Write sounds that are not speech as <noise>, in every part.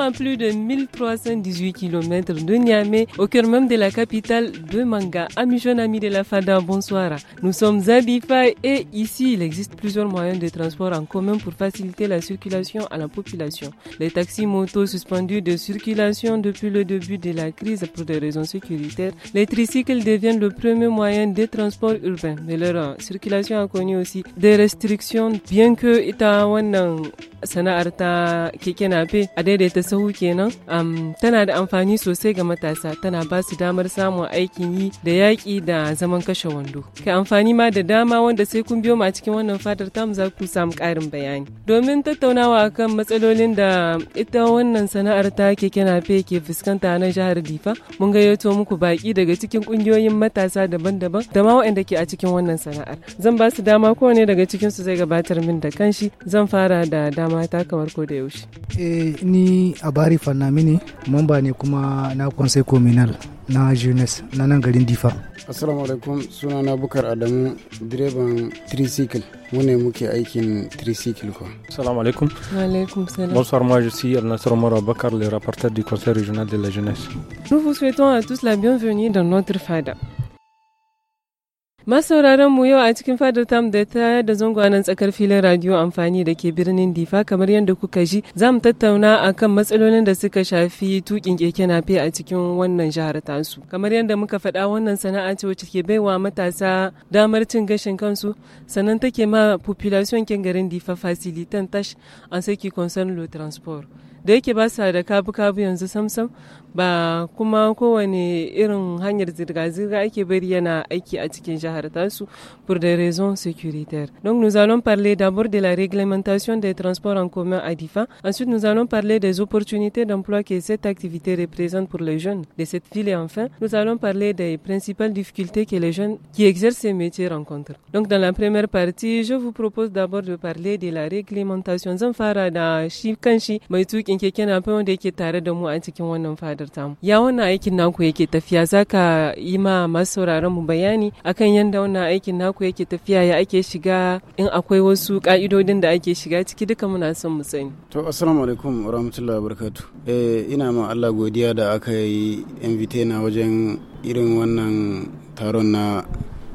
à plus de 1318 km de Niamey, au cœur même de la capitale de Manga. Amis jeunes amis de la FADA, bonsoir. Nous sommes à Bifay et ici, il existe plusieurs moyens de transport en commun pour faciliter la circulation à la population. Les taxis motos suspendus de circulation depuis le début de la crise pour des raisons sécuritaires, les tricycles deviennent le premier moyen de transport urbain, mais leur euh, circulation a connu aussi des restrictions, bien que Itawanan euh, sana'ar ta a sahu kenan um, tana da amfani sosai ga matasa tana ba su damar samun aikin yi da yaƙi da zaman kashe wando kai amfani ma da dama wanda sai kun biyo ma cikin wannan fadar tamu za ku samu ƙarin bayani domin tattaunawa akan matsalolin da ita wannan sana'ar ta keke fe ke fuskanta na jihar difa mun gayyato muku baki daga cikin ƙungiyoyin matasa daban-daban da ma waɗanda ke a cikin wannan sana'ar zan ba su dama kowane daga cikin su zai gabatar min da kanshi zan fara da dama ta kamar ko da yaushe eh, ni ni abari fannamini mamba ne kuma na conseil communal na jeunesse na nan garin difa assalamu alaikum suna na bukar adamu direban tricycle mu ne muke aikin tricycle ko assalamu alaikum wa alaikum salam bonsoir moi je suis al nasr Omar Bakar le rapporteur du conseil régional de la jeunesse nous vous souhaitons à tous la bienvenue dans notre fada Masauraran mu yau a cikin fadar tam da ta da zangwanan tsakar filin radiyo amfani da ke birnin Difa kamar yadda kuka ji za mu tattauna akan matsalolin da suka shafi tukin keke nafe a cikin wannan jihar tasu. Kamar yadda muka faɗa wannan sana'a ce wacce ke baiwa matasa damar cin gashin kansu sannan take ma population kin garin Difa facilitan tash an saki concern lo transport. Da yake ba sa da kabu-kabu yanzu samsam pour des raisons sécuritaires. Donc nous allons parler d'abord de la réglementation des transports en commun à Difa. Ensuite nous allons parler des opportunités d'emploi que cette activité représente pour les jeunes de cette ville et enfin nous allons parler des principales difficultés que les jeunes qui exercent ces métiers rencontrent. Donc dans la première partie, je vous propose d'abord de parler de la réglementation. ta tamu. ya wannan aikin naku yake tafiya zaka yi ma masu mu bayani akan yadda wannan aikin naku yake tafiya ya ake shiga in akwai wasu ka'idodin da ake shiga ciki duka muna son mu sani to assalamu alaikum warahmatullahi eh ina ma Allah godiya da aka yi invite na wajen irin wannan taron na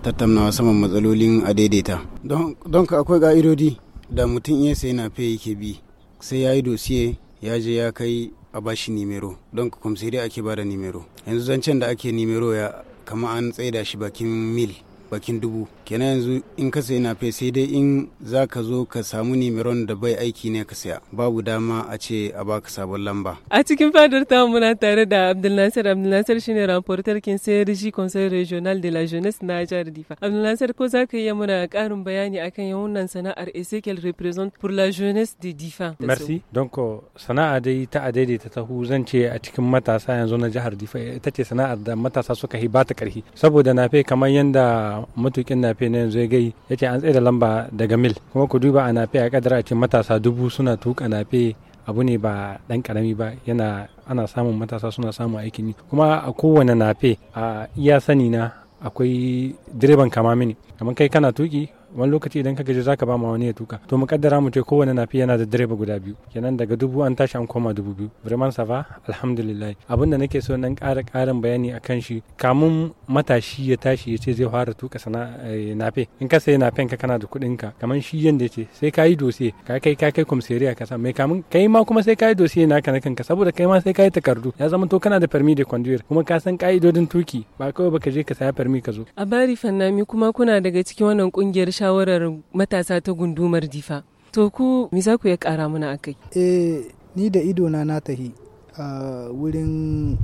tattaunawa saman matsalolin a daidaita don ka akwai ka'idodi da mutum iya sai na fe yake bi sai ya yi dosiye ya je ya kai a bashi nimero don kuma sai dai ake bada nimero yanzu zancen da ake nimero ya kama an tsaida shi bakin mil bakin dubu kenan yanzu in ka sayi nafe sai dai in za ka zo ka samu nimiron da bai aiki ne ka saya babu dama a ce a baka sabon lamba a cikin fadar ta muna tare da abdulnasir abdulnasir shine ramportar kinsayar rishi conseil regional de la jeunesse na jihar difa abdulnasir ko za ka iya muna karin bayani akan yawan sana'ar ezekiel represent pour la jeunesse de difa merci donc euh, sana'a dai ta a daidaita tahu zan ce a cikin matasa yanzu na jihar difa ita ce sana'ar da matasa suka hi ba ta karhi saboda nafe kamar yanda matukin nafe na yanzu ya gai ya ce an tsaye da lamba daga mil kuma ku duba a nafe a kadara a ce matasa dubu suna tuka nafe abu ne ba dan karami ba yana ana samun matasa suna samun aikin yi kuma a kowane nafe a iya sani na akwai direban kama mini kamar kai kana tuki wani lokaci idan ka gaji zaka ba ma wani ya tuka to mu kaddara mu ce kowane nafi yana da direba guda biyu kenan daga dubu an tashi an koma dubu biyu vraiment ça va alhamdulillah abinda nake so nan ƙara ƙarin bayani akan shi kamun matashi ya tashi ya ce zai fara tuka sana eh, nafe in ka sayi nafen ka kana da kuɗin ka kamar shi yanda ce sai ka yi dosiye ka kai ka kai komisariya ka sa mai kamun kai ma kuma sai ka yi dosiye ka na kanka saboda kai ma sai ka yi takardu ya zama to kana da permis de conduire kuma ka san ka'idodin tuki ba kawai baka je ka saya permis ka zo a bari fannami kuma kuna daga cikin wannan kungiyar shawarar matasa ta gundumar difa to ku me za ku ya kara mana akai eh ni da idona na tahi a wurin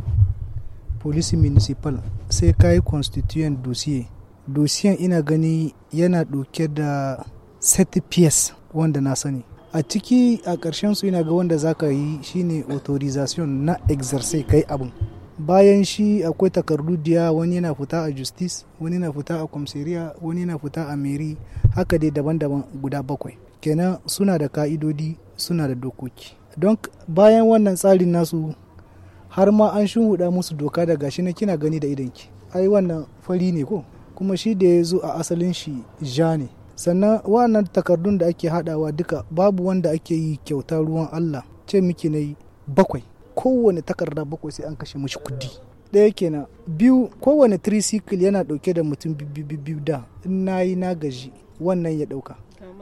polisi municipal sai ka yi constituent dossier dossier ina gani yana ɗauke da set ps wanda na sani a ciki a ƙarshen su ina ga wanda za ka yi shine authorization na exercise kai abin bayan shi akwai takardu diya wani yana fita a justice wani yana fita a kwamseriya wani yana fita a meri haka dai daban-daban guda bakwai kenan suna da ka'idodi suna da dokoki don bayan wannan tsarin nasu har ma an shuhuda musu doka da gashi na kina gani da idanki ai wannan fari ne ko kuma shi da ya zo a asalin shi ja ne sannan wannan takardun da ake hadawa duka babu wanda ake yi kyauta ruwan allah ce miki na yi bakwai kowane takarda bakwai sai an kashe mashi kudi ɗaya kenan biyu kowane tricycle yana ɗauke da mutum biyu da in na yi na gaji wannan ya ɗauka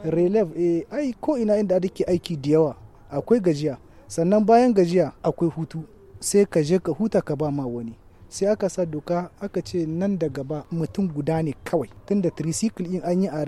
releve eh, ai ko ina inda ake aiki da yawa akwai gajiya sannan bayan gajiya akwai hutu sai ka je ka huta ka ba ma wani sai aka sa doka aka ce nan da gaba mutum guda ne kawai tunda tricycle in an yi a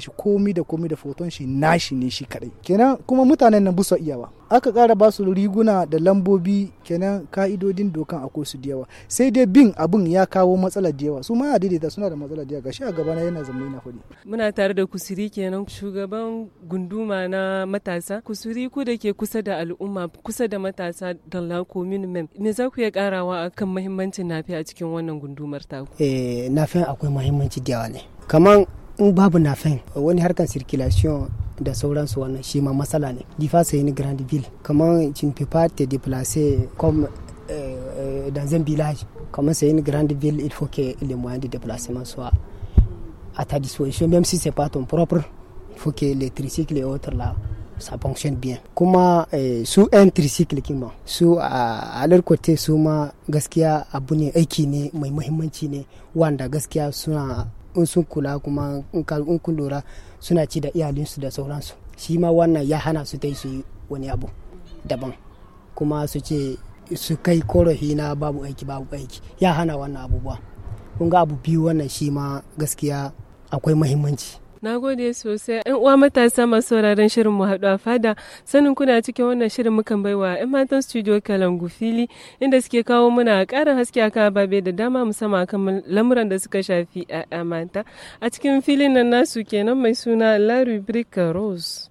shi komi da komi da foton shi nashi ne shi kadai kenan kuma mutanen nan busa iyawa aka ƙara ba su riguna da lambobi kenan ka'idodin dokan a su da yawa sai dai bin abin ya kawo matsala da yawa su ma daidaita suna da matsala da yawa gashi a gabana yana zama yana faɗi. muna tare da kusuri kenan shugaban gunduma na matasa kusuri ku da ke kusa da al'umma kusa da matasa da lako minimum me za ku iya karawa kan mahimmancin nafi a cikin wannan gundumar taku. eh nafin akwai muhimmanci da yawa ne kaman in babu nafin wani harkar circulation da sauransu wannan shi ma matsala ne grande ville. Comment grand ville peux pas te déplacer comme eh, dans un village Comment c'est une grande ville il faut que les moyens de déplacement soient à ta disposition même si c'est pas ton propre il faut que les tricycles et autres là ça fonctionne bien comment eh, un tricycle kima à l'autre côté sous ma gaskiya abu ne aiki ne mai muhimmanci ne wanda gaskiya suna in sun kula kuma in kun lura suna ci da iyalinsu da sauransu shi ma wannan ya hana su ta su wani abu daban kuma su ce su kai korafi na babu aiki babu aiki ya hana wannan abubuwa kun ga abu biyu wannan shi ma gaskiya akwai mahimmanci Na gode sosai. ‘Yan uwa matasa masu sauraron shirin mu haɗu a fada, sanin kuna cikin wannan shirin mukan baiwa ‘yan matan studio Kalangu fili inda suke kawo muna ƙarin haske akan ababe da dama musamman akan lamuran da suka shafi ‘ya'ya mata. A cikin filin nan nasu kenan mai suna La Rubrique Rose.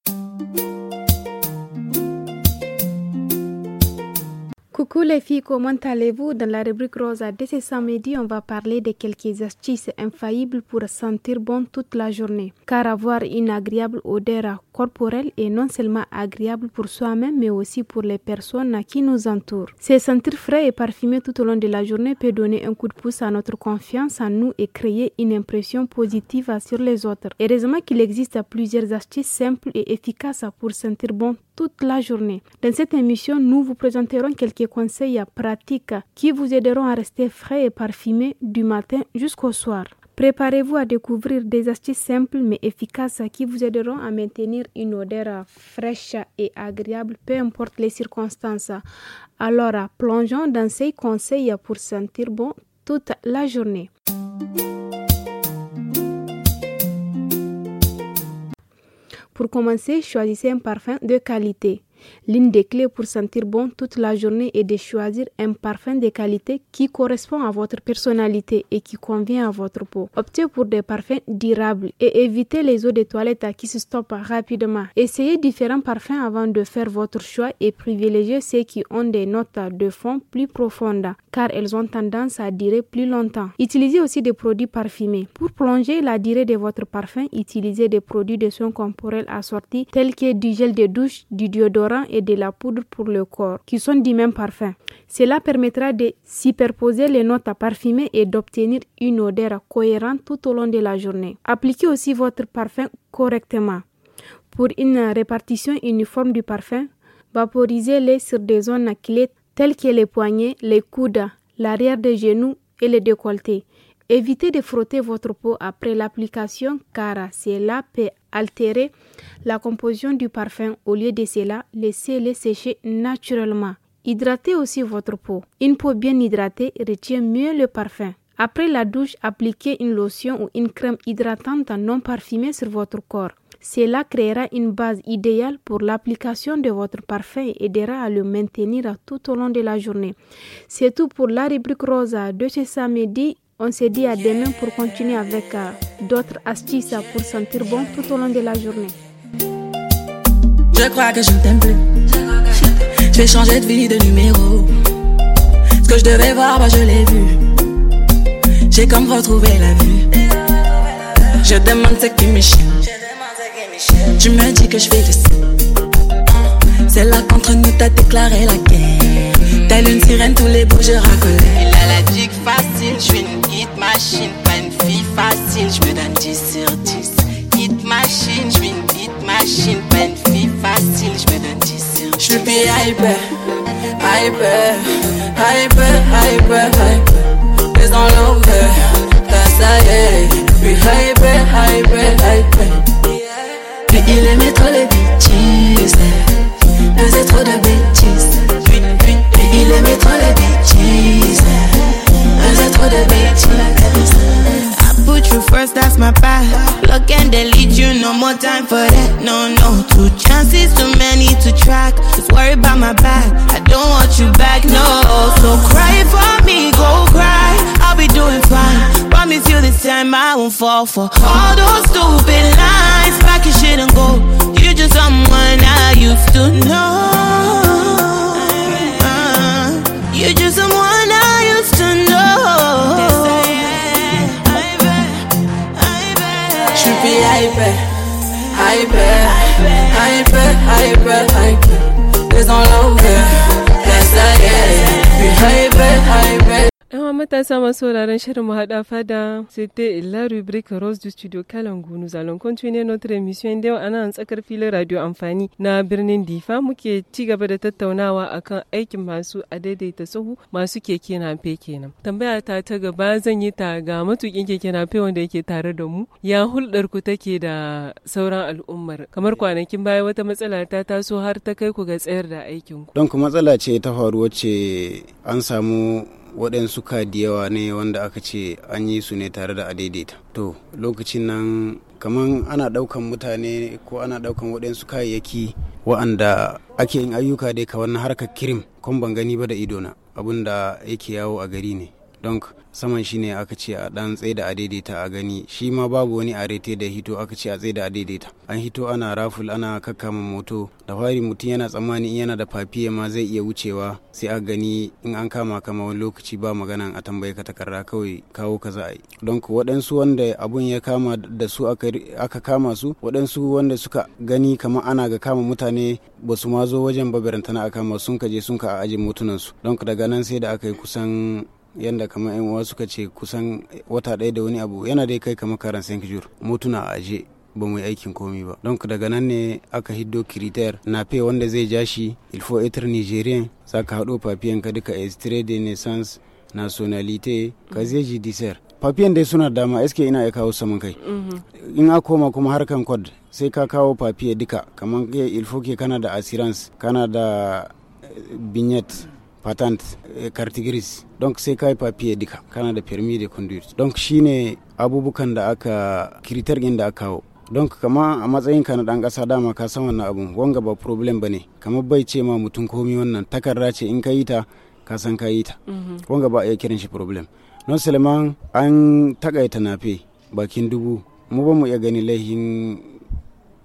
Coucou les filles, comment allez-vous Dans la rubrique rose de ce samedi, on va parler de quelques astuces infaillibles pour sentir bon toute la journée. Car avoir une agréable odeur corporelle est non seulement agréable pour soi-même, mais aussi pour les personnes qui nous entourent. Se sentir frais et parfumé tout au long de la journée peut donner un coup de pouce à notre confiance en nous et créer une impression positive sur les autres. Heureusement qu'il existe plusieurs astuces simples et efficaces pour sentir bon toute la journée. Dans cette émission, nous vous présenterons quelques conseils pratiques qui vous aideront à rester frais et parfumé du matin jusqu'au soir. Préparez-vous à découvrir des astuces simples mais efficaces qui vous aideront à maintenir une odeur fraîche et agréable, peu importe les circonstances. Alors, plongeons dans ces conseils pour sentir bon toute la journée. Pour commencer, choisissez un parfum de qualité. L'une des clés pour sentir bon toute la journée est de choisir un parfum de qualité qui correspond à votre personnalité et qui convient à votre peau. Optez pour des parfums durables et évitez les eaux de toilette qui se stoppent rapidement. Essayez différents parfums avant de faire votre choix et privilégiez ceux qui ont des notes de fond plus profondes car elles ont tendance à durer plus longtemps. Utilisez aussi des produits parfumés. Pour prolonger la durée de votre parfum, utilisez des produits de soins corporels assortis tels que du gel de douche, du déodorant, et de la poudre pour le corps, qui sont du même parfum. Cela permettra de superposer les notes à parfumer et d'obtenir une odeur cohérente tout au long de la journée. Appliquez aussi votre parfum correctement. Pour une répartition uniforme du parfum, vaporisez-les sur des zones clés telles que les poignets, les coudes, l'arrière des genoux et les décolletés. Évitez de frotter votre peau après l'application car cela peut altérer la composition du parfum. Au lieu de cela, laissez-le sécher naturellement. Hydratez aussi votre peau. Une peau bien hydratée retient mieux le parfum. Après la douche, appliquez une lotion ou une crème hydratante non parfumée sur votre corps. Cela créera une base idéale pour l'application de votre parfum et aidera à le maintenir tout au long de la journée. C'est tout pour la rubrique rosa de ce samedi on s'est dit à demain pour continuer avec euh, d'autres astuces pour sentir bon tout au long de la journée. Je crois que je t'aime plus. Je vais changer de vie, de numéro. Ce que je devais voir, bah, je l'ai vu. J'ai comme retrouvé la vue. Je demande ce qui me chie. Tu me dis que je fais le C'est là qu'entre nous, t'as déclaré la guerre. Telle une sirène, tous les bouts je racolais. Il a la digue facile, je suis une hit machine. Pas une fille facile, je me donne 10 sur 10. Hit machine, je suis une hit machine. Pas une fille facile, je me donne 10 sur 10. Je suis hyper, hyper, hyper, hyper, hyper. Les enlevés, t'as ça y est. Puis hyper, hyper, hyper. Puis il aimait trop les bêtises Faisait trop de bêtises bêtises. Faisais trop de bêtises. I put you first, that's my path. Look and delete you, no more time for that. No, no, two chances, too many to track. Just worry about my back. I don't want you back, no. So cry for me, go cry. I'll be doing fine. miss you this time I won't fall for all those stupid lines. Back your shit and go. You're just someone I used to know. be hyper, hyper, hyper, hyper, hyper. There's no love, let's not get it. Be hyper, hyper. matasa masu wuraren shirin mu hada fada c'était la rubrique rose du studio Kalangu nous allons continuer notre émission da yawa an tsakar filin radio amfani na birnin Difa muke ci gaba da tattaunawa akan aikin masu a daidaita sahu masu keke fe kenan tambaya ta ta gaba zan yi ta ga matukin keke fe wanda yake tare da mu ya hulɗar ku take da sauran al'ummar kamar kwanakin baya wata matsala ta taso har ta kai ku ga tsayar da aikin ku don ku matsala ce ta faru wacce an samu waɗansu ka yawa ne wanda aka ce an yi su ne tare da adaidaita to lokacin nan kamar ana ɗaukan mutane ko ana ɗaukan waɗansu kayayyaki wa'anda ake yin ayyuka dai ka wannan harkar kirim kun ban gani ba da idona abin da yake yawo a gari ne don saman shine aka ce a dan tsaida a daidaita a gani shi ma babu wani arete da hito aka ce a tsaida a daidaita an hito ana raful ana kakkama moto da fari mutum yana tsammani in yana da papiye ma zai iya wucewa sai a gani in an kama kama wani lokaci ba magana a tambaye ka takarda kawai kawo ka za a yi don ku waɗansu wanda abun ya kama da su aka kama su waɗansu wanda suka gani kamar ana ga kama mutane ba su ma zo wajen babirantana a kama sun kaje sun ka a ajin motunansu don daga nan sai da aka yi kusan yadda kamar yan uwa suka ce kusan wata ɗaya da wani abu yana dai kai kamar karan saint jur motuna a aje ba mu yi aikin komi ba don daga nan ne aka hiddo kiritar na fe wanda zai ja shi ilfo etar nigerian za ka haɗo papiyan ka duka estre de naissance nationalite ka zai ji disar papiyan dai suna dama eske ina ya kawo saman kai mhm. in a koma kuma harkan kod sai ka kawo papiya duka kamar ilfo ke kana da assurance kana da binyet eh, patente eh, carte grise donc sai kai papier duka kana da permis de conduire donc shine abubukan da aka kiritar din da aka kawo donc kama a matsayin ka na dan kasa dama ka san wannan abun wanga ba problem bane kamar bai ce ma mutum komi wannan takarda ce in ka yi ta ka san ka yi ta mhm. wanga ba iya kiran shi problem non seulement an takaita nafe bakin dubu mu ba mu iya gani laihin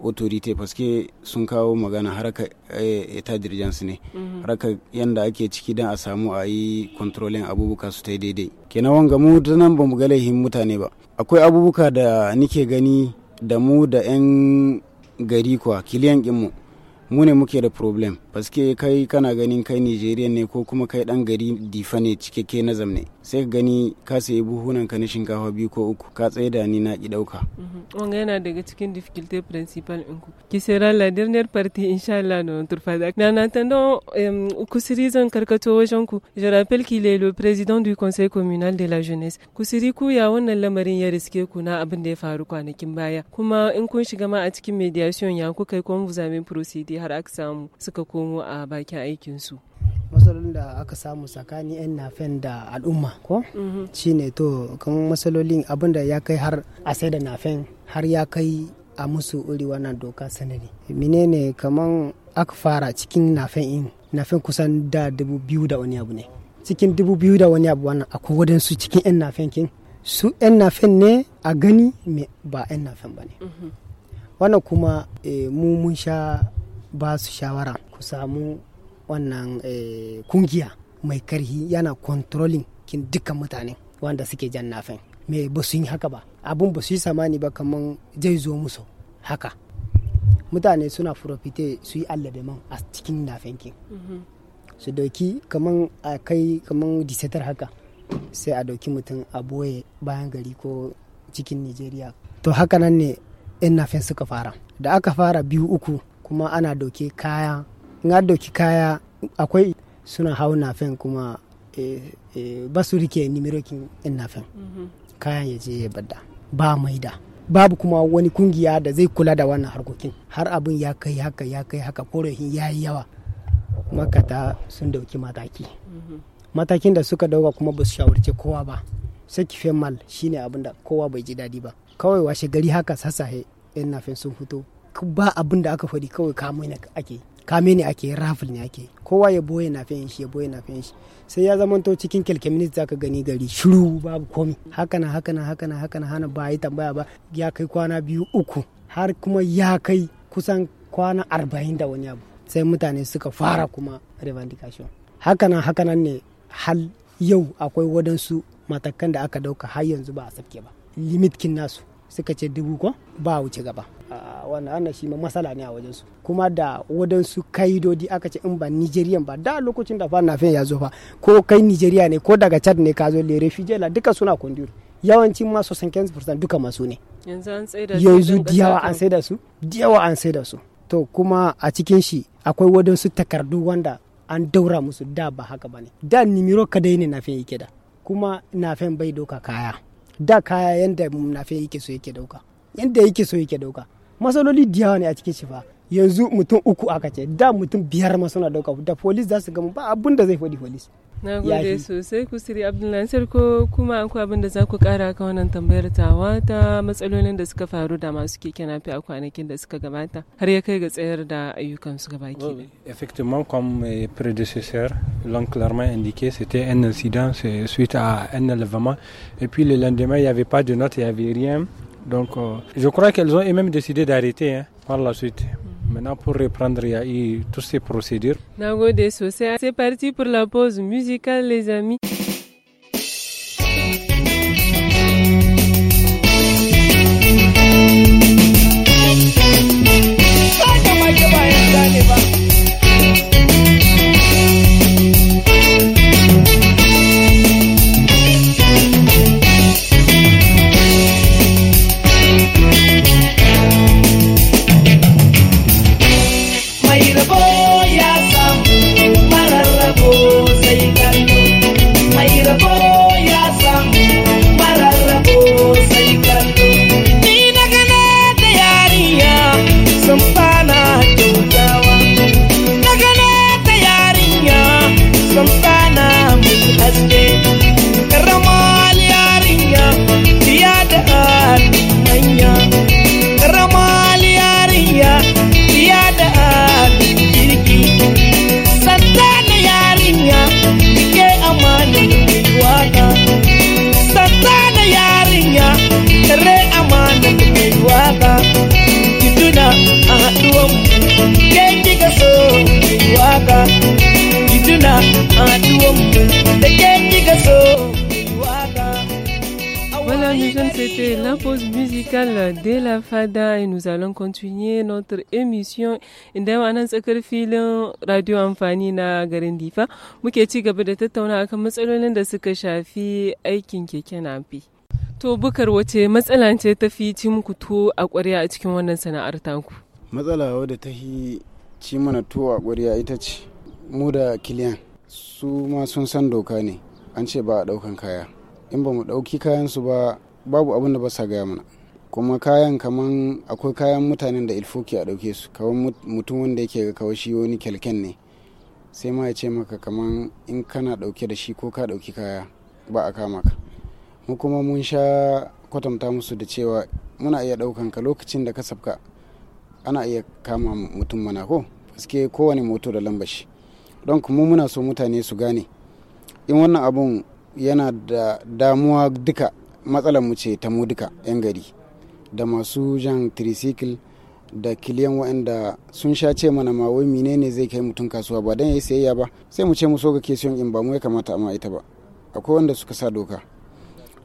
otorite paske sun kawo magana haraka eh, ta dirijansu ne mhm. haraka yanda ake ciki don a samu a yi kontrolin abubuwa su ta daidai kenan wanga mu da nan ba mu ga laihin mutane ba akwai abubuwa da nike gani da mu da 'yan gari kuwa kiliyan mu mu ne muke da problem paske kai kana ganin kai nigerian ne ko kuma kai dan gari difa ne cikakke na zamne sai ka gani ka sayi buhunan ka na shinkafa biyu ko uku ka tsaye da ni na ki dauka mhm. wanga yana daga cikin difficulté principal in ku qui sera la dernière partie inshallah na notre fadak ku siri zan karkato wajen ku je rappelle qu'il est le président du conseil communal de la jeunesse kusiri ku ya wannan lamarin ya riske ku na abin da ya faru kwanakin baya kuma in kun shiga ma a cikin mediation ya kuka yi kuma vous avez procédé har aka samu suka komo a bakin aikin su matsalolin da aka samu tsakanin 'yan nafen da al'umma ko mhm. ne to kan matsalolin abinda ya kai har a sai da nafen har ya kai a musu uri wannan doka mine menene kaman aka fara cikin nafen in nafen kusan da dubu biyu da wani abu ne cikin dubu biyu da wani abu wannan akwai su cikin 'yan nafen kin su 'yan nafen ne a gani ba 'yan nafen ba ne mhm. wannan kuma eh, mu mun sha ba su shawara ku samu wannan eh, kungiya mai karhi yana kontrolin kin dukkan mutane wanda suke jan nafin me ba su yi haka ba abun ba su yi samani ba kaman zai zo musu haka mutane suna furofite su yi man a cikin nafinkin mhm. su doki kaman a kai kaman disetar haka sai a doki mutum a boye bayan gari ko cikin nigeria to haka nan ne yan nafin suka fara da aka fara biyu uku kuma ana doke kaya nga doki kaya akwai suna hau na nafen kuma eh, eh, ba su rike in na nafen kayan ya je ya bada ba mai da. babu kuma wani kungiya da zai kula da wannan harkokin har abin ya kai haka ya kai haka korafin ya yi yawa makata sun dauki mataki mhm. matakin da suka dauka kuma ba su shawarce kowa ba sakife mal shine abin da kowa bai ji daɗi ba kawai washe gari haka sassahe yan nafin sun fito ba abin da aka faɗi kawai ne ake kame ne ake rafil ne ake kowa ya boye na fiyan shi ya boye na fiyan shi sai ya zamanto cikin kilkiminis zaka gani gari shiru babu komi haka na haka na hana ba yi tambaya ba ya kai kwana biyu uku har kuma ya kai kusan kwana arba'in da wani abu sai mutane suka fara kuma revendication hakana hakana ne hal yau akwai wadansu matakan da aka dauka har yanzu ba a sabke ba kin nasu suka ce dubu ko ba wuce gaba wannan wannan shi ma matsala ne a su kuma da wadansu kaidodi aka ce in ba nigerian ba da lokacin da fanafen ya zo fa ko kai nigeria ne ko daga chad ne ka zo le refugee duka suna kundiyo yawancin ma 75% duka masu ne yanzu diyawa an sai da su diyawa an sai da su to kuma a cikin shi akwai wadansu takardu wanda an daura musu da ba haka bane. ne da nimiro kadai ne nafen yake da kuma nafen bai doka kaya da kaya yadda munafe yake so yake dauka yadda yake so yake dauka masaloli diyawa ne a cikin shi fa yanzu mutum uku aka ce da mutum biyar ma suna dauka da police za su gama ba abin da zai faɗi police na gode sosai ku siri abdullahi sarko kuma an abin da za ku kara ka wannan tambayar tawa ta matsalolin da suka faru da masu keke nafi a kwanakin da suka gabata har ya kai ga tsayar da ayyukan su gaba ki effectivement comme mes prédécesseurs l'ont clairement indiqué c'était un incident suite à un enlèvement et puis le lendemain il y avait pas de notes il y avait rien donc euh, je crois qu'elles ont même décidé d'arrêter hein, par la suite Maintenant, pour reprendre, il y toutes ces procédures. C'est parti pour la pause musicale, les amis. allons continuer notre émission inda ma tsakar filin radio amfani na garin Difa muke ci gaba da tattauna akan matsalolin da suka shafi aikin keke nafi. To bukar wace matsala ce ta fi ci muku to a ƙwarya a cikin wannan sana'ar tanku. Matsala wadda ta fi ci mana to a ƙwarya ita ce mu da kiliyan su ma sun san doka ne an ce ba a ɗaukan kaya in ba mu ɗauki kayan su ba babu abin da ba sa gaya mana kuma kayan kaman akwai kayan mutanen da ilfoki a ɗauke su kawai mutum wanda yake ga kawai shi wani kyalken ne sai ma ya ce maka kaman in kana ɗauke da shi ko ka ɗauki kaya ba a kama ka mu kuma mun sha kwatanta musu da cewa muna iya ɗaukan ka lokacin da ka ana iya kama mutum mana ko paske kowane moto da lambar shi don kuma muna so mutane su gane in wannan abun yana da damuwa duka matsalar mu ce ta mu duka 'yan gari da masu jan tricycle da kiliyan waɗanda sun sha ce mana ma wai menene zai kai mutum kasuwa ba dan yayi sayayya ba sai mu ce mu so ga kesiyon in ba mu ya kamata amma ita ba akwai wanda suka sa doka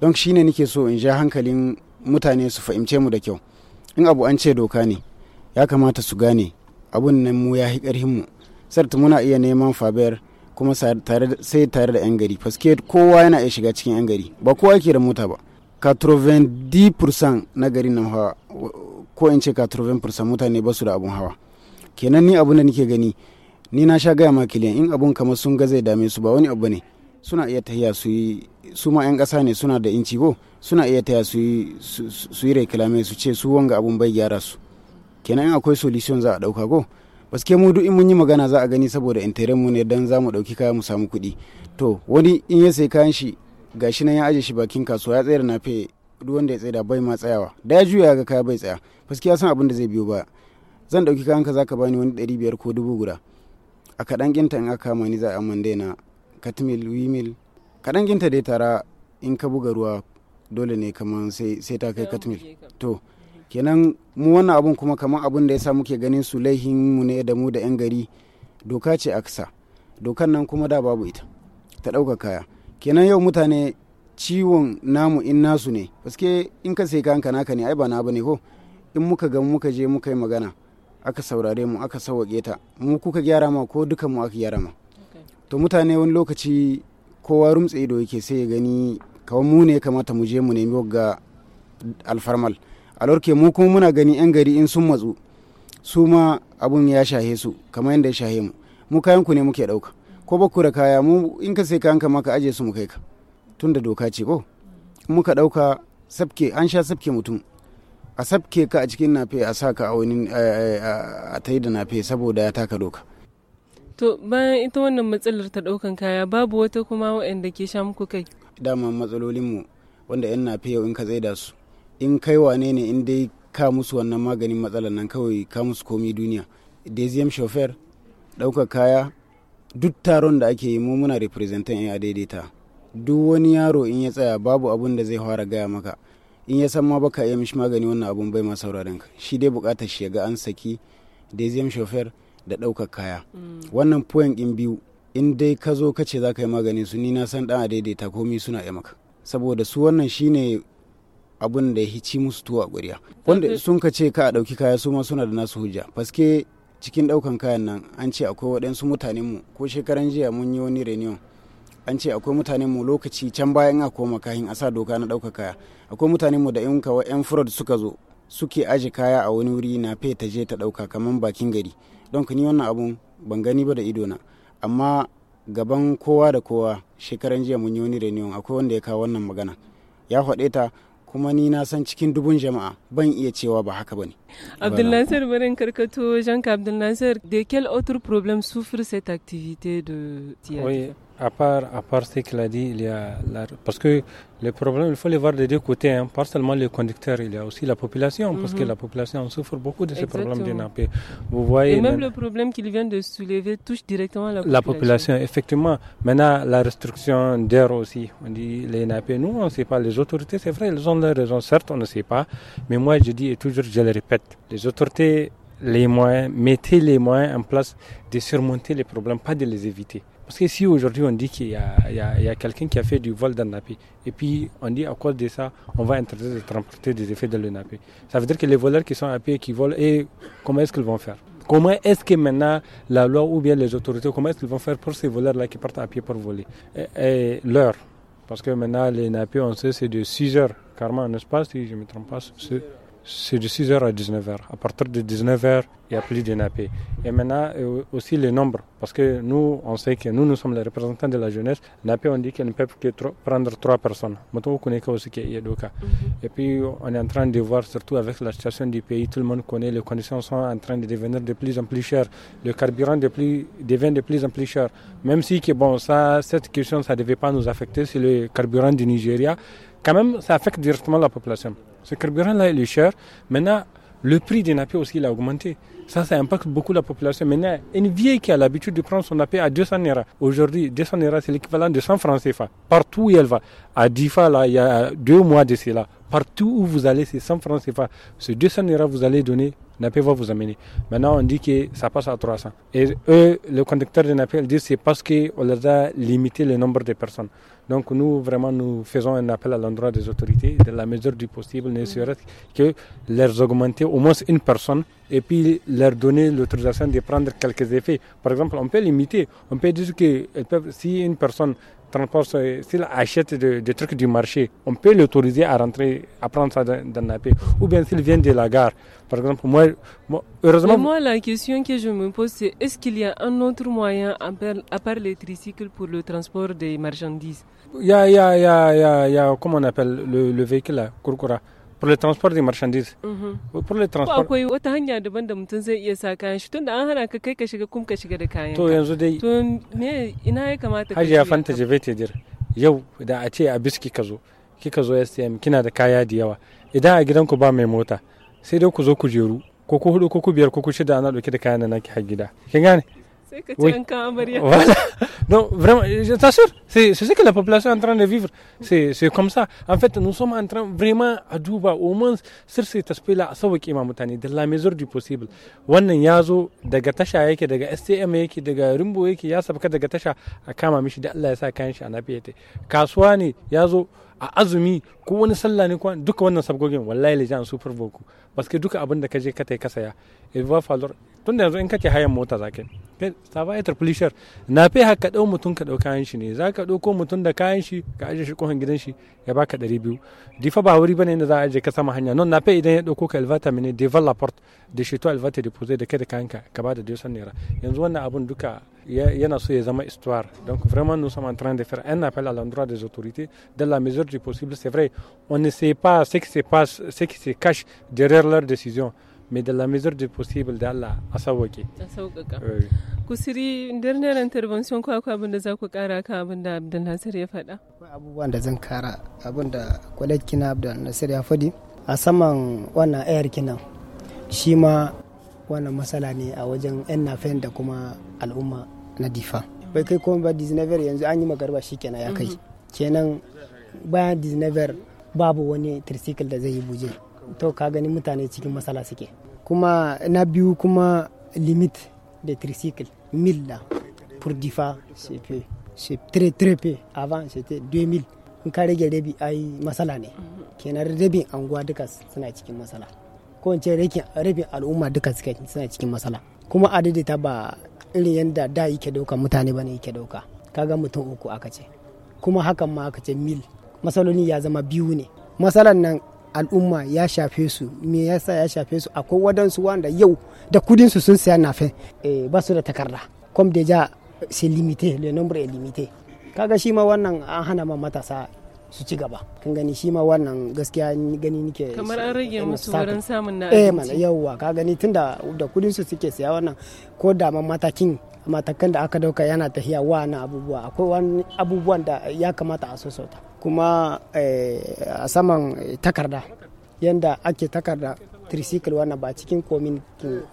don ne nake so in ja hankalin mutane su fahimce mu da kyau in abu an ce doka ne ya kamata su gane abun nan mu ya hi mu sarta muna iya neman faber kuma sai tare da 'yan gari faske kowa yana iya shiga cikin 'yan gari ba kowa yake da mota ba 90% na garin nan hawa ko in ce 80% mutane ba su da abun hawa kenan ni abun da nake gani ni na sha gaya ma in abun kamar sun ga zai dame su ba wani abu ne suna iya tahiya su yi su ma 'yan kasa ne suna da inci ko suna iya tahiya su yi su yi su ce su wanga abun bai gyara su kenan in akwai solution za a ɗauka ko baske mu duk in mun yi magana za a gani saboda interim mu ne dan za mu ɗauki kaya mu samu kuɗi to wani in ya sai kayan shi gashi nan ya aje shi bakin kasuwa ya tsayar na fe duk da ya tsaya bai ma tsayawa da ya juya ga kaya bai tsaya fuskiya san abin da zai biyo ba zan dauki kayan ka zaka bani wani ɗari biyar ko dubu guda a kaɗan ginta in aka kama ni za a man daina katmil wimil kaɗan ginta dai tara in ka buga ruwa dole ne kaman sai ta kai katmil to kenan mu wannan abun kuma kaman abun da ya sa muke ganin su laihin mu ne da mu da yan gari doka ce aksa dokan nan kuma da babu ita ta ɗauka kaya kenan yau mutane ciwon namu in nasu ne paske in ka sai kanka naka ne ai ba na ne ko in muka ga muka je muka yi magana aka saurare mu aka sauwaƙe ta mu kuka gyara ma ko duka mu aka gyara ma to mutane wani lokaci kowa rumtse ido yake sai ya gani kawai mu ne kamata mu je mu nemi ga alfarmal alorke mu kuma muna gani yan gari in sun matsu su ma abun ya shahe su kamar yadda ya shahe mu mu kayan ku ne muke ɗauka ko baku da kaya mu in ka sai kayanka ma maka aje su mu kai ka tun da doka ce ko muka ɗauka sabke an sha sabke mutum a sabke ka a cikin nafe a sa ka a wani eh, eh, a ta da nafe saboda ya taka doka to bayan ita wannan matsalar ta ɗaukan kaya babu wata kuma waɗanda ke sha muku kai dama matsalolin matsalolinmu wanda yan nafe yau in ka tsaida su in kai wane ne in dai ka musu wannan maganin matsalar nan kawai ka musu komi duniya deziyam shofer ɗaukar kaya duk taron da ake yi mu muna representan ya daidaita duk wani yaro in ya tsaya babu abun da zai fara gaya maka in ya san ma baka iya mishi magani wannan abun bai ma sauraron ka shi dai bukatar shi ga an saki da dezem shofer da ɗaukar kaya mm. wannan point in biyu in dai ka zo ka ce za ka yi magani su ni na san ɗan adaidaita komi suna iya maka saboda su wannan shine abun da ya hici musu tuwa a wanda sun ka ce ka a ɗauki kaya su ma suna da nasu hujja faske cikin ɗaukan kayan nan an ce akwai waɗansu mutanenmu ko shekaran jiya mun yi wani reunion an ce akwai mutanenmu lokaci can bayan a koma kayan a sa doka na ɗauka kaya akwai mu da in kawa yan fraud suka zo suke aje kaya a wani wuri na fe ta je ta ɗauka kamar bakin gari don ni wannan abun ban gani ba da ido na amma gaban kowa da kowa shekaran jiya mun yi wani reunion akwai wanda ya kawo wannan magana ya faɗe ta kuma ni na san cikin dubun jama'a ban iya cewa ba haka bane Abdulnasser barin karkato Jean Abdulnasser de quel autre problème souffre cette activité de théâtre oui à part, à part ce qu'il a dit, il y a parce que le problème, il faut les voir des deux côtés, hein. pas seulement les conducteurs, il y a aussi la population, parce que mhm. la population souffre beaucoup de ces problème problèmes d'INAPE. Vous voyez. Et même le problème qu'il vient de soulever touche directement la population. La population, effectivement. Maintenant, la restriction d'air aussi. On dit les nappés, nous, on ne sait pas. Les autorités, c'est vrai, elles ont leurs raisons, certes, on ne sait pas. Mais moi, je dis et toujours, je le répète, les autorités les moyens, mettez les moyens en place de surmonter les problèmes, pas de les éviter. Parce que si aujourd'hui on dit qu'il y a, quelqu'un qui a fait du vol d'un et puis on dit à cause de ça, on va interdire de transporter des effets de le ça veut dire que les voleurs qui sont à pied, qui volent, et comment est-ce qu'ils vont faire Comment est-ce que maintenant la loi ou bien les autorités, comment est-ce qu'ils vont faire pour ces voleurs-là qui partent à pied pour voler et, l'heure parce que maintenant, les nappés, on sait, c'est de 6 heures, carrément n'est-ce pas si je ne me trompe pas c'est de 6h à 19h. À partir de 19h, il n'y a plus de nappé. Et maintenant, euh, aussi les nombres. Parce que nous, on sait que nous, nous sommes les représentants de la jeunesse. Nappé, on dit qu'elle ne peut que prendre trois personnes. Maintenant, vous connaissez aussi qu'il y a deux cas. Mhm. Et puis, on est en train de voir, surtout avec la situation du pays, tout le monde connaît, les conditions sont en train de devenir de plus en plus chères. Le carburant devient de plus en plus cher. Même si, bon, ça, cette question, ça ne devait pas nous affecter, c'est le carburant du Nigeria. Quand même, ça affecte directement la population. Ce carburant-là, il est cher. Maintenant, le prix des nappés aussi, il a augmenté. Ça, ça impacte beaucoup la population. Maintenant, une vieille qui a l'habitude de prendre son nappé à 200 naira. Aujourd'hui, 200 naira, c'est l'équivalent de 100 francs CFA. Partout où elle va. À Difa, là, il y a deux mois de cela. Partout où vous allez, c'est 100 francs CFA. Ce 200 naira, vous allez donner, nappé va vous amener. Maintenant, on dit que ça passe à 300. Et eux, le conducteur de nappé, ils disent que c'est parce qu'on leur a limité le nombre de personnes. Donc nous, vraiment, nous faisons un appel à l'endroit des autorités, de la mesure du possible, ne mm. serait que leur augmenter au moins une personne et puis leur donner l'autorisation de prendre quelques effets. Par exemple, on peut limiter, on peut dire que si une personne transporte, s'il achète des trucs du marché, on peut l'autoriser à rentrer, à prendre ça dans, dans la paix. Ou bien s'il vient de la gare. Par exemple, moi, heureusement. moi, la question que je me pose, c'est est-ce qu'il y a un autre moyen à part, à les tricycles pour le transport des marchandises Il y a, y comment on appelle le, véhicule là, pour le transport des marchandises. Mhm. Pour le transport. ko ku hudu ko ku biyar ko ku shida ana dauke da kayan na ki har gida kin gane sai ka ci an oui. <laughs> Voilà. no vraiment, je t'assure, c'est c'est ce que la population est en train de vivre. C'est c'est comme ça. En fait, nous sommes en train vraiment à Duba, au moins sur cet aspect-là, à savoir qu'il mutane de la mesure du possible. Wannan yazo daga tasha yake, daga STM yake, daga Rimbo yake, ya sabka daga tasha a kama mishi da Allah ya sa kayan shi a nafiyate Kasuwa ne yazo a azumi ko wani sallah ne duka wannan sabgogin wallahi lejan super boku parce duka abin da ka je ka tai ka saya tun yanzu in kake hayan mota za ka sabayatar polishiyar na fi haka ɗau mutum ka ɗau kayan shi ne za ka ɗauko mutum da kayan shi ka aje shi kohon gidan shi ya baka ɗari biyu difa ba wuri bane inda za a aje ka sama hanya non na fi idan ya ɗauko ka alvata mene deval laport da shi to alvata deposit da kai da kayan ka ka ba da dusan naira yanzu wannan abun duka yana so ya zama histoire donc vraiment nous sommes en train de faire un appel à l'endroit des autorités de la mesure du possible c'est vrai on ne sait pas ce qui se passe ce qui se cache derrière leur décision mais de la mesure du possible da Allah a sauƙaƙe. A sauƙaƙa. Kusiri, intervention akwai za ku ƙara kan abin Abdul Nasir ya faɗa? Akwai abubuwan da zan kara. abinda da kwalet kina Abdul Nasir ya faɗi. A saman wannan ayar kinan shi ma wannan matsala ne a wajen 'yan nafen da kuma al'umma na difa. Bai kai kuma ba Disnever yanzu an yi magarba shi kenan ya kai. Mhm. Kenan bayan Disnever babu wani tricycle da zai yi buje. To ka gani mutane cikin matsala suke. kuma na biyu kuma limit de tricycle mil da pour difa c'est peu c'est très très peu avant c'était 2000 in ka rage rabi ai matsala ne kenan rabin anguwa duka suna cikin matsala ko in ce rabin al'umma duka suna cikin matsala kuma adadita ba irin yadda da yake dauka mutane bane yake dauka kaga mutum uku aka ce kuma hakan ma aka ce mil matsaloli ya zama biyu ne matsalan nan al'umma ya shafe su me yasa ya shafe su akwai wadansu wanda yau da kudin su sun siya nafe eh, ba su da takarda kom deja c'est limité le nombre est limité kaga shi ma wannan an hana ma matasa su ci gaba kan gani shi ma wannan gaskiya gani nike kamar an rage musu wurin samun na eh mana yawwa ka gani tunda da kudin su suke siya wannan ko da ma matakin matakan da aka dauka yana tafiya wa na abubuwa akwai wani abubuwan da ya kamata a sosota kuma eh, a saman eh, takarda yadda ake takarda tricycle wannan ba cikin komin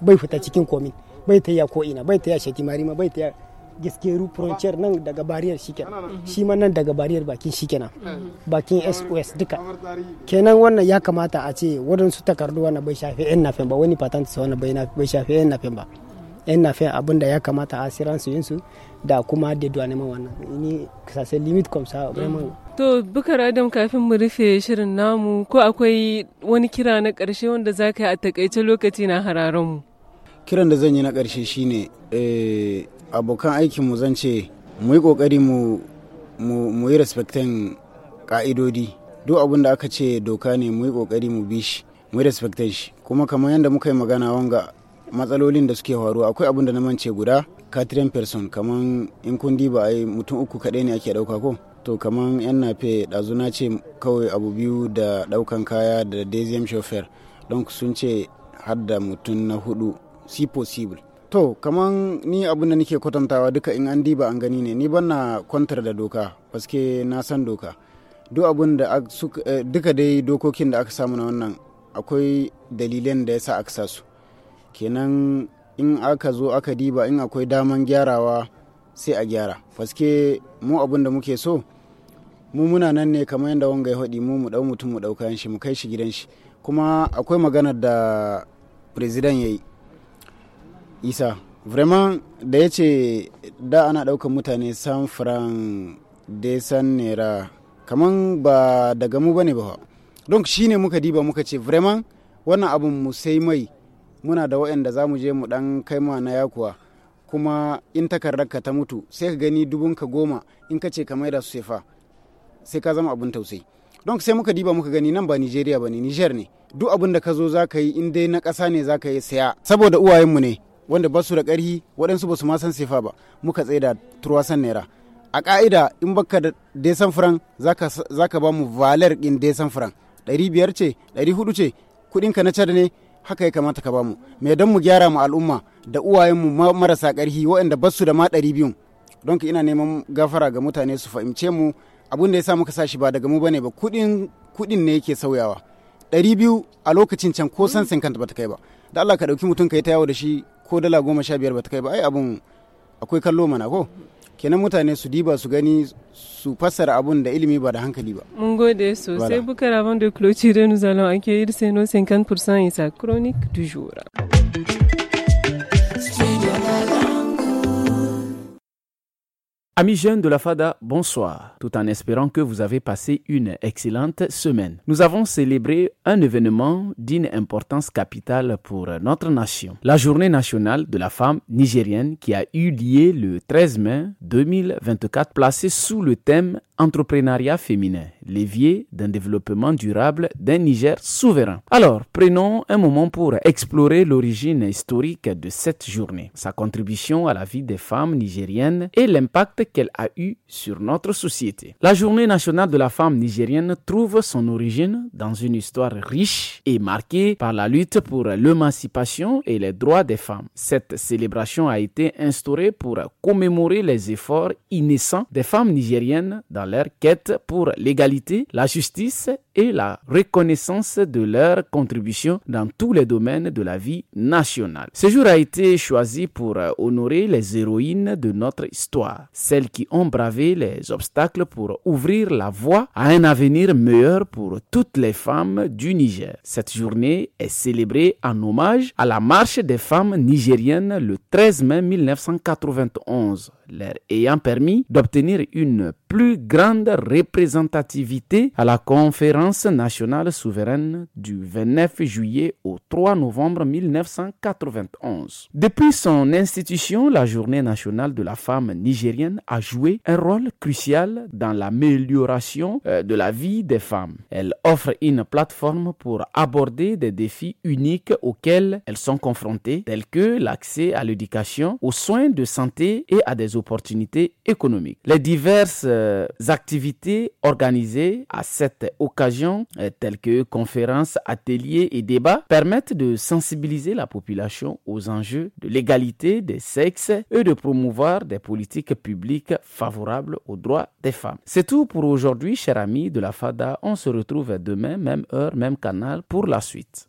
bai fita cikin komin bai ta ko ina bai ta shaki marima bai ta gaskeru frontier nan daga bariyar shi kenan shi ma nan daga bariyar bakin shi kenan bakin sos duka kenan wannan ya kamata a ce waɗansu takardu wannan bai shafi yan nafin ba wani patent wannan bai shafi yan nafin ba yan nafin abin da ya kamata a siran su yin su da kuma deduwa neman wannan ni kasashen limit komsa sa. To Bukar Adam kafin mu rufe shirin namu ko akwai wani kira na ƙarshe wanda za ka yi a takaice lokaci na hararanmu. Kiran da zan yi na ƙarshe shi ne eh, abokan aikinmu zan ce mu yi ƙoƙari mu yi respectin ƙa'idodi duk abin da aka ce doka ne mu yi ƙoƙari mu bi shi mu yi respectin shi kuma kamar yadda muka yi magana wanga matsalolin da suke faruwa akwai abin da na mance guda katrin person kamar in kun diba ai mutum uku kaɗai ne ake ɗauka ko to kamar yan nafe ɗazuna ce kawai abu biyu da ɗaukan kaya da dezem chauffeur don sun ce har mutum na hudu si possible to kamar ni abin da nake kwatantawa duka in an diba an gani ne ni banna kwantar da doka paske na san doka duk abin da eh, duka dai dokokin da aka samu na wannan akwai dalilan da ya sa aka sa su kenan in aka zo aka diba in akwai daman gyarawa sai a gyara paske mu abin da muke so mu muna nan ne kamar yadda wanga ya haɗi mu mu ɗau mutum mu ɗauka shi mu kai shi gidan shi kuma akwai magana da firizidan ya yi isa vraiment da ya ce da ana ɗaukar mutane san fran san naira kamar ba daga mu bane ba don shi ne muka diba muka ce vraiment wannan abin mu sai mai muna da waɗanda za mu je mu ɗan kai ma na yakuwa kuma in takardar ka ta mutu sai ka gani dubunka goma in ka ce ka maida su sefa sai ka zama abin tausayi don sai muka diba muka gani nan ba Nigeria ba ne Niger ne duk abin da ka zo za ka yi in dai na ƙasa ne za ka yi saya saboda uwayenmu ne wanda ba su da ƙarhi waɗansu ba su ma san sefa ba muka tsaye da turwasan naira a ƙa'ida in baka da desan furan za ka ba mu valer in desan furan ɗari biyar ce ɗari hudu ce ka na cad ne haka ya kamata ka ba mu mai don mu gyara mu al'umma da uwayenmu marasa ƙarhi waɗanda basu da ma ɗari biyu don ina neman gafara ga mutane su fahimce mu abun da ya sa muka sa ba daga mu ba ne ba kudin ne yake sauyawa ɗari biyu a lokacin can ko san sin kanta bata kai ba da Allah ka ɗauki mutum yi ta yawo da shi ko dala goma sha biyar bata kai ba ai abun akwai kallo mana ko kenan mutane su diba su gani su fassara abun da ilimi ba da hankali ba. Mun gode sosai bukar avant de ake yi da sai no 50% isa chronic du jour. Amis jeunes de la FADA, bonsoir, tout en espérant que vous avez passé une excellente semaine. Nous avons célébré un événement d'une importance capitale pour notre nation, la journée nationale de la femme nigérienne qui a eu lieu le 13 mai 2024, placée sous le thème Entrepreneuriat féminin, l'évier d'un développement durable d'un Niger souverain. Alors, prenons un moment pour explorer l'origine historique de cette journée, sa contribution à la vie des femmes nigériennes et l'impact qu'elle a eu sur notre société. La journée nationale de la femme nigérienne trouve son origine dans une histoire riche et marquée par la lutte pour l'émancipation et les droits des femmes. Cette célébration a été instaurée pour commémorer les efforts innocents des femmes nigériennes dans leur quête pour l'égalité, la justice et la reconnaissance de leur contribution dans tous les domaines de la vie nationale. Ce jour a été choisi pour honorer les héroïnes de notre histoire qui ont bravé les obstacles pour ouvrir la voie à un avenir meilleur pour toutes les femmes du Niger. Cette journée est célébrée en hommage à la marche des femmes nigériennes le 13 mai 1991 leur ayant permis d'obtenir une plus grande représentativité à la conférence nationale souveraine du 29 juillet au 3 novembre 1991. Depuis son institution, la journée nationale de la femme nigérienne a joué un rôle crucial dans l'amélioration euh, de la vie des femmes. Elle offre une plateforme pour aborder des défis uniques auxquels elles sont confrontées, tels que l'accès à l'éducation, aux soins de santé et à des opportunités économiques. Les diverses euh, activités organisées à cette occasion, euh, telles que conférences, ateliers et débats, permettent de sensibiliser la population aux enjeux de l'égalité des sexes et de promouvoir des politiques publiques favorable aux droits des femmes. C'est tout pour aujourd'hui, chers amis de la FADA. On se retrouve demain, même heure, même canal, pour la suite.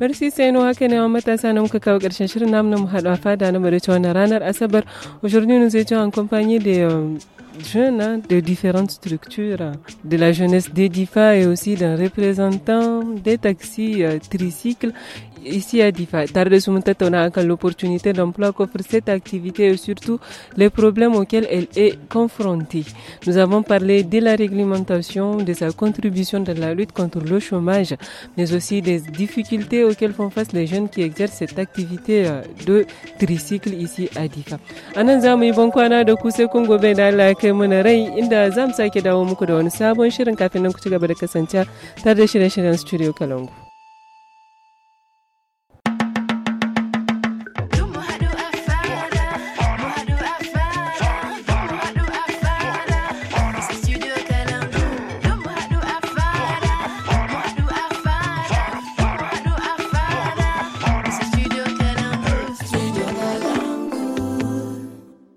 Merci. c'est qui fada Aujourd'hui nous étions en compagnie de euh, jeunes hein, de différentes structures, hein, de la jeunesse d'Edifa et aussi d'un représentant des taxis euh, tricycles Ici à Difa, Tarde on a l'opportunité d'emploi qu'offre cette activité et surtout les problèmes auxquels elle est confrontée. Nous avons parlé de la réglementation, de sa contribution dans la lutte contre le chômage, mais aussi des difficultés auxquelles font face les jeunes qui exercent cette activité de tricycle ici à Difa. Anan inda sabon shirin Studio